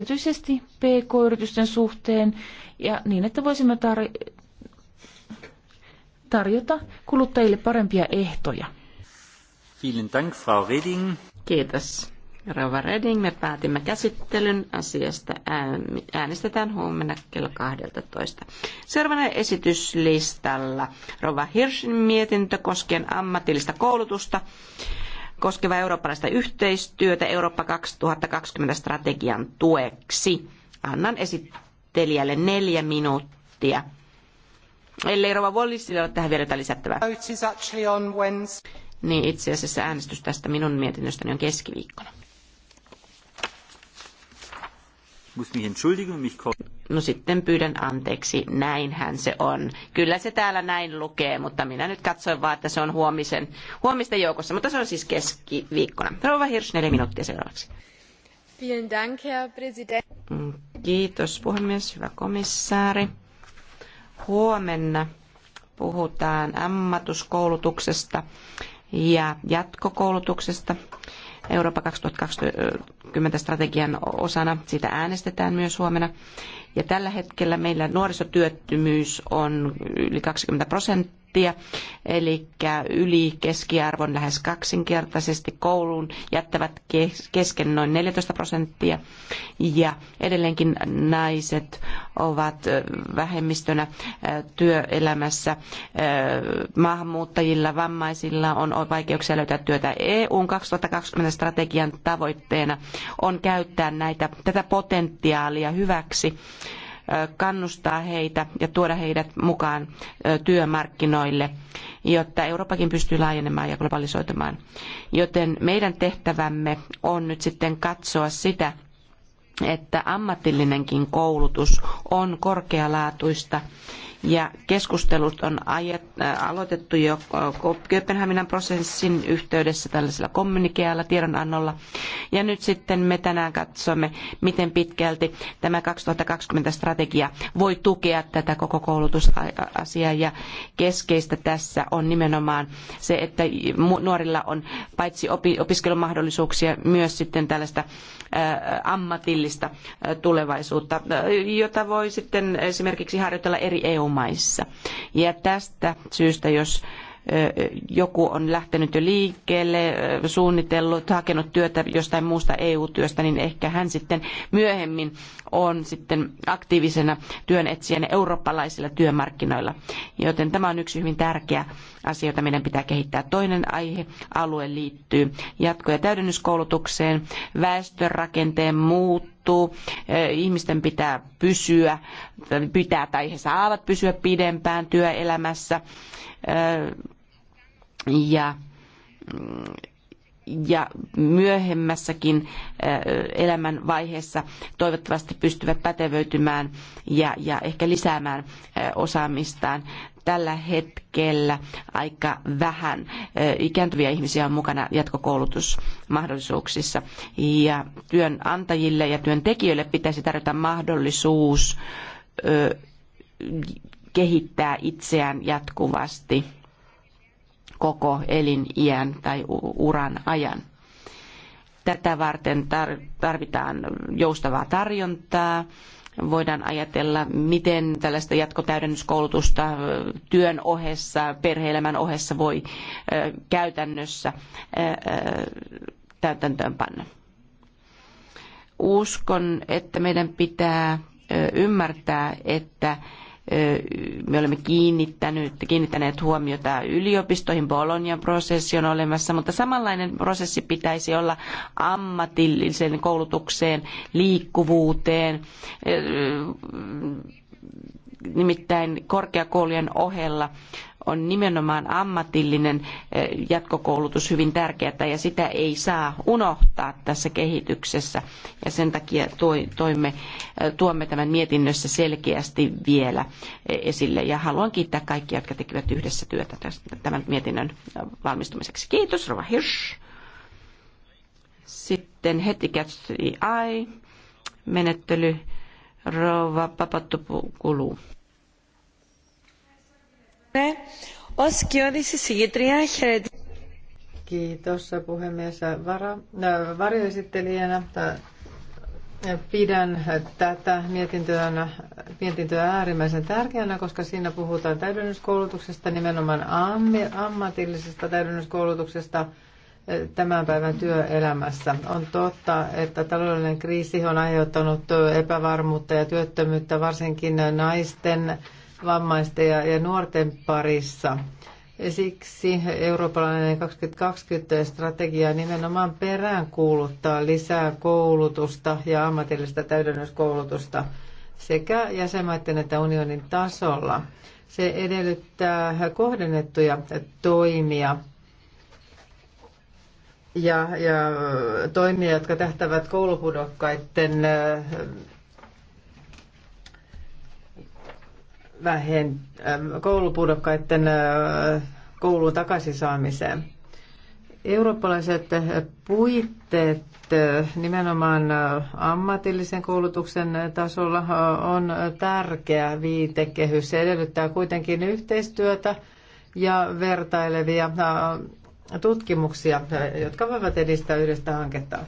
erityisesti PK-yritysten suhteen ja niin, että voisimme tar- tarjota kuluttajille parempia ehtoja. Vielen Dank, Frau Reding. Kiitos. Rova Reding, me päätimme käsittelyn asiasta. Äänestetään huomenna kello 12. Seuraavana esityslistalla Rova Hirschin mietintö koskien ammatillista koulutusta. Koskeva eurooppalaista yhteistyötä Eurooppa 2020 strategian tueksi. Annan esittelijälle neljä minuuttia. Ellei Rova Wallisille ole tähän vielä jotain lisättävää. Niin itse asiassa äänestys tästä minun mietinnöstäni on keskiviikkona. No sitten pyydän anteeksi, näinhän se on. Kyllä se täällä näin lukee, mutta minä nyt katsoin vaan, että se on huomisen, huomisten joukossa, mutta se on siis keskiviikkona. Rouva Hirsch, neljä minuuttia seuraavaksi. Mm, kiitos puhemies, hyvä komissaari. Huomenna puhutaan ammatuskoulutuksesta ja jatkokoulutuksesta Eurooppa 2020 2020 strategian osana. Siitä äänestetään myös huomenna. Ja tällä hetkellä meillä nuorisotyöttömyys on yli 20 prosenttia, eli yli keskiarvon lähes kaksinkertaisesti. Kouluun jättävät kesken noin 14 prosenttia. Ja edelleenkin naiset ovat vähemmistönä työelämässä. Maahanmuuttajilla, vammaisilla on vaikeuksia löytää työtä. EUn 2020 strategian tavoitteena on käyttää näitä, tätä potentiaalia hyväksi kannustaa heitä ja tuoda heidät mukaan työmarkkinoille, jotta Eurooppakin pystyy laajenemaan ja globalisoitumaan. Joten meidän tehtävämme on nyt sitten katsoa sitä, että ammatillinenkin koulutus on korkealaatuista ja keskustelut on äh, aloitettu jo äh, Kööpenhaminan prosessin yhteydessä tällaisella kommunikealla tiedonannolla. Ja nyt sitten me tänään katsomme, miten pitkälti tämä 2020 strategia voi tukea tätä koko koulutusasiaa. Ja keskeistä tässä on nimenomaan se, että nuorilla on paitsi opiskelumahdollisuuksia myös sitten tällaista äh, ammatillista äh, tulevaisuutta, jota voi sitten esimerkiksi harjoitella eri EU maissa. Ja tästä syystä, jos joku on lähtenyt jo liikkeelle, suunnitellut, hakenut työtä jostain muusta EU-työstä, niin ehkä hän sitten myöhemmin on sitten aktiivisena työnetsijänä eurooppalaisilla työmarkkinoilla. Joten tämä on yksi hyvin tärkeä asia, jota meidän pitää kehittää. Toinen aihe alue liittyy jatko- ja täydennyskoulutukseen, väestörakenteen muut muuttuu, ihmisten pitää pysyä, pitää tai he saavat pysyä pidempään työelämässä. Ja mm, ja myöhemmässäkin elämän vaiheessa toivottavasti pystyvät pätevöitymään ja, ja ehkä lisäämään osaamistaan tällä hetkellä aika vähän ikääntyviä ihmisiä on mukana jatkokoulutusmahdollisuuksissa. Ja työnantajille ja työntekijöille pitäisi tarjota mahdollisuus kehittää itseään jatkuvasti koko eliniän tai uran ajan. Tätä varten tarvitaan joustavaa tarjontaa Voidaan ajatella, miten tällaista jatkotäydennyskoulutusta työn ohessa, perheelämän ohessa voi käytännössä täytäntöönpanna. Uskon, että meidän pitää ymmärtää, että me olemme kiinnittäneet, kiinnittäneet huomiota yliopistoihin, Bolognan prosessi on olemassa, mutta samanlainen prosessi pitäisi olla ammatilliseen koulutukseen, liikkuvuuteen, Nimittäin korkeakoulujen ohella on nimenomaan ammatillinen eh, jatkokoulutus hyvin tärkeää ja sitä ei saa unohtaa tässä kehityksessä. Ja sen takia toimme, eh, tuomme tämän mietinnössä selkeästi vielä eh, esille. Ja haluan kiittää kaikkia, jotka tekivät yhdessä työtä tämän mietinnön valmistumiseksi. Kiitos, Rova Hirsch. Sitten heti catch the eye menettely Rouva Papattu kuluu. Kiitos puhemies. Vara, äh, varjoesittelijänä äh, pidän tätä mietintöä, mietintöä äärimmäisen tärkeänä, koska siinä puhutaan täydennyskoulutuksesta, nimenomaan ammatillisesta täydennyskoulutuksesta – tämän päivän työelämässä. On totta, että taloudellinen kriisi on aiheuttanut epävarmuutta ja työttömyyttä varsinkin naisten, vammaisten ja, nuorten parissa. Siksi eurooppalainen 2020-strategia nimenomaan perään kuuluttaa lisää koulutusta ja ammatillista täydennyskoulutusta sekä jäsenmaiden että unionin tasolla. Se edellyttää kohdennettuja toimia – ja, ja toimia, jotka tähtävät koulupudokkaiden vähen, koulupudokkaiden koulun takaisin saamiseen. Eurooppalaiset puitteet nimenomaan ammatillisen koulutuksen tasolla on tärkeä viitekehys. Se edellyttää kuitenkin yhteistyötä ja vertailevia tutkimuksia, eh, jotka voivat edistää yhdestä hanketta.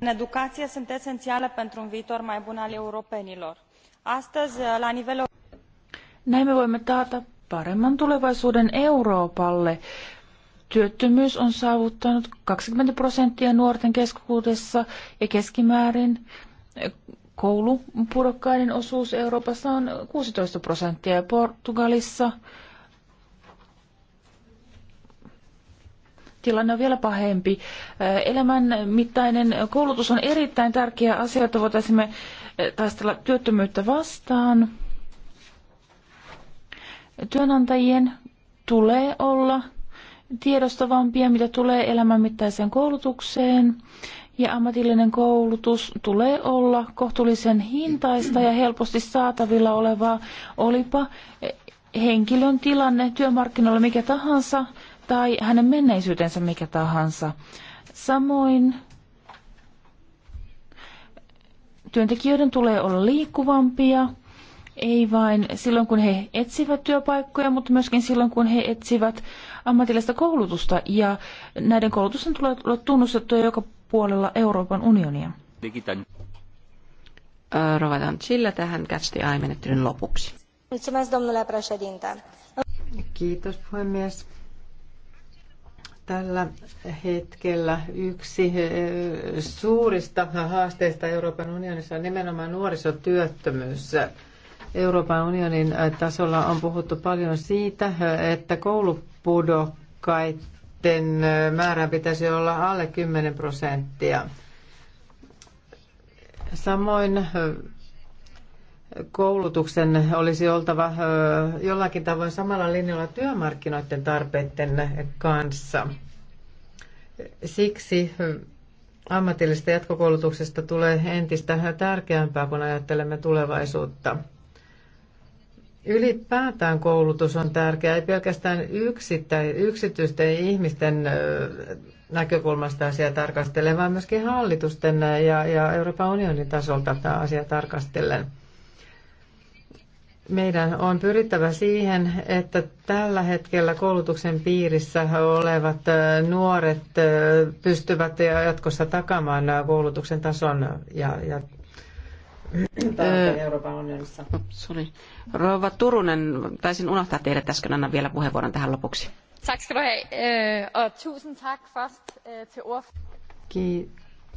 în educaie sunt eseniale pentru un viitor mai bun al europenilor. astăzi eh, la nivel näin me voimme taata paremman tulevaisuuden Euroopalle. Työttömyys on saavuttanut 20 prosenttia nuorten keskuudessa ja keskimäärin koulupudokkaiden osuus Euroopassa on 16 prosenttia ja Portugalissa tilanne on vielä pahempi. Elämänmittainen koulutus on erittäin tärkeä asia, että voitaisimme taistella työttömyyttä vastaan. Työnantajien tulee olla tiedostavampia, mitä tulee elämänmittaiseen koulutukseen ja ammatillinen koulutus tulee olla kohtuullisen hintaista ja helposti saatavilla olevaa, olipa henkilön tilanne työmarkkinoilla mikä tahansa tai hänen menneisyytensä mikä tahansa. Samoin työntekijöiden tulee olla liikkuvampia, ei vain silloin, kun he etsivät työpaikkoja, mutta myöskin silloin, kun he etsivät ammatillista koulutusta. Ja näiden koulutusten tulee olla tunnustettuja joka puolella Euroopan unionia. Rovataan sillä tähän kästi aimenettelyn lopuksi. Kiitos puhemies. Tällä hetkellä yksi suurista haasteista Euroopan unionissa on nimenomaan nuorisotyöttömyys. Euroopan unionin tasolla on puhuttu paljon siitä, että koulupudokkaita niiden määrä pitäisi olla alle 10 prosenttia. Samoin koulutuksen olisi oltava jollakin tavoin samalla linjalla työmarkkinoiden tarpeiden kanssa. Siksi ammatillisesta jatkokoulutuksesta tulee entistä tärkeämpää, kun ajattelemme tulevaisuutta. Ylipäätään koulutus on tärkeää, ei pelkästään yksittä, yksityisten ihmisten näkökulmasta asia tarkastellen, vaan myöskin hallitusten ja, ja Euroopan unionin tasolta tämä asia tarkastellen. Meidän on pyrittävä siihen, että tällä hetkellä koulutuksen piirissä olevat nuoret pystyvät jatkossa takaamaan koulutuksen tason ja, ja Euroopan unionissa. Sorry. Rouva Turunen, taisin unohtaa teidät äsken, annan vielä puheenvuoron tähän lopuksi. Tack ska du ha. Øh, Och tusen tack först øh, till ordföranden.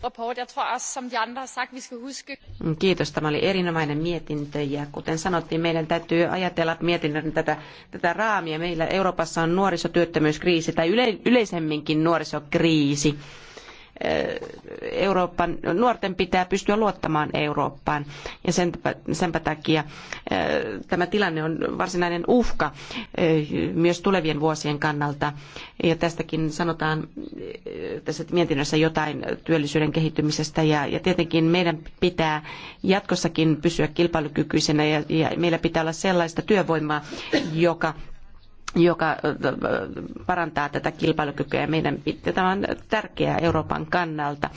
Rapport. Jag tror också, som de andra sagt, vi ska huska... Mm, kiitos, tämä oli erinomainen mietintö ja kuten sanottiin, meidän täytyy ajatella mietinnön tätä, tätä raamia. Meillä Euroopassa on nuorisotyöttömyyskriisi tai yle, yleisemminkin nuorisokriisi Eh, Euroopan, nuorten pitää pystyä luottamaan Eurooppaan ja sen, senpä takia eh, tämä tilanne on varsinainen uhka eh, myös tulevien vuosien kannalta ja tästäkin sanotaan tässä mietinnössä jotain työllisyyden kehittymisestä ja, ja tietenkin meidän pitää jatkossakin pysyä kilpailukykyisenä ja, ja meillä pitää olla sellaista työvoimaa, joka joka parantaa tätä kilpailukykyä ja meidän, tämä on tärkeää Euroopan kannalta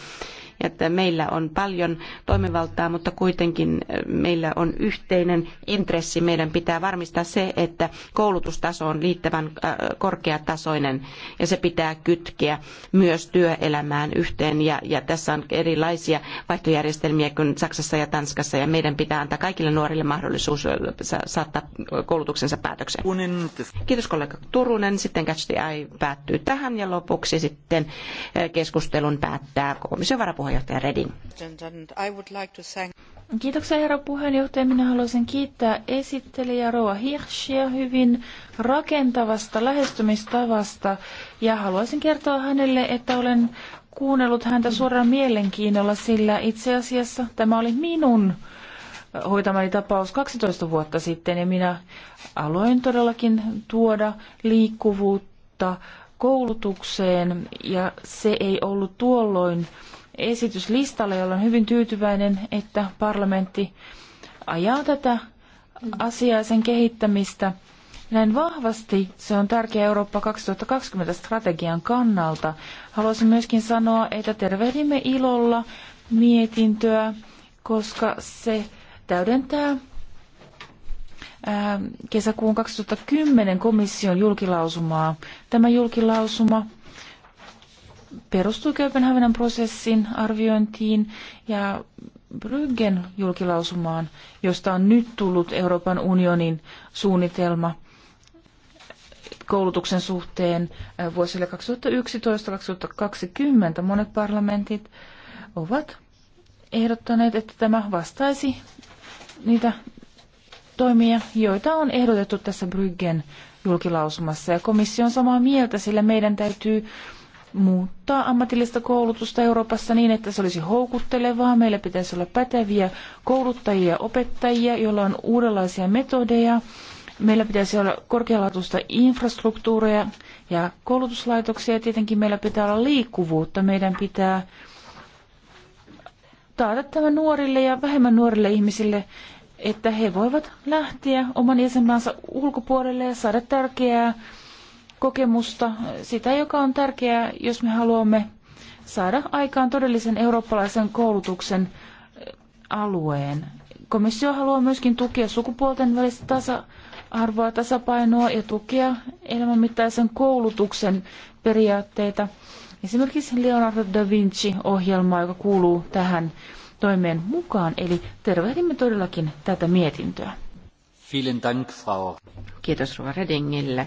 ja että meillä on paljon toimivaltaa, mutta kuitenkin eh, meillä on yhteinen intressi. Meidän pitää varmistaa se, että koulutustaso on riittävän eh, korkeatasoinen ja se pitää kytkeä myös työelämään yhteen. Ja, ja tässä on erilaisia vaihtojärjestelmiä kuin Saksassa ja Tanskassa ja meidän pitää antaa kaikille nuorille mahdollisuus eh, saattaa koulutuksensa päätökseen. Kiitos kollega Turunen. Sitten Catch the Eye päättyy tähän ja lopuksi sitten keskustelun päättää komission varapuheenjohtaja puheenjohtaja Redin. Kiitoksia herra puheenjohtaja. Minä haluaisin kiittää esittelijä Roa Hirschia hyvin rakentavasta lähestymistavasta ja haluaisin kertoa hänelle, että olen kuunnellut häntä suoraan mielenkiinnolla, sillä itse asiassa tämä oli minun hoitamani tapaus 12 vuotta sitten ja minä aloin todellakin tuoda liikkuvuutta koulutukseen ja se ei ollut tuolloin esityslistalle, jolloin on hyvin tyytyväinen, että parlamentti ajaa tätä asiaa sen kehittämistä. Näin vahvasti se on tärkeä Eurooppa 2020 strategian kannalta. Haluaisin myöskin sanoa, että tervehdimme ilolla mietintöä, koska se täydentää kesäkuun 2010 komission julkilausumaa. Tämä julkilausuma perustui Kööpenhaminan prosessin arviointiin ja Bryggen julkilausumaan, josta on nyt tullut Euroopan unionin suunnitelma koulutuksen suhteen vuosille 2011-2020. Monet parlamentit ovat ehdottaneet, että tämä vastaisi niitä toimia, joita on ehdotettu tässä Bryggen julkilausumassa. Ja komissio on samaa mieltä, sillä meidän täytyy muuttaa ammatillista koulutusta Euroopassa niin, että se olisi houkuttelevaa. Meillä pitäisi olla päteviä kouluttajia ja opettajia, joilla on uudenlaisia metodeja. Meillä pitäisi olla korkealaatuista infrastruktuuria ja koulutuslaitoksia. Ja tietenkin meillä pitää olla liikkuvuutta. Meidän pitää taata tämä nuorille ja vähemmän nuorille ihmisille, että he voivat lähteä oman jäsenmaansa ulkopuolelle ja saada tärkeää kokemusta, sitä joka on tärkeää, jos me haluamme saada aikaan todellisen eurooppalaisen koulutuksen eh, alueen. Komissio haluaa myöskin tukea sukupuolten välistä tasa-arvoa, tasapainoa ja tukea elämänmittaisen koulutuksen periaatteita. Esimerkiksi Leonardo da Vinci-ohjelmaa, joka kuuluu tähän toimeen mukaan, eli tervehdimme todellakin tätä mietintöä. Vielen Dank, Frau. Kiitos Ruva Redingille.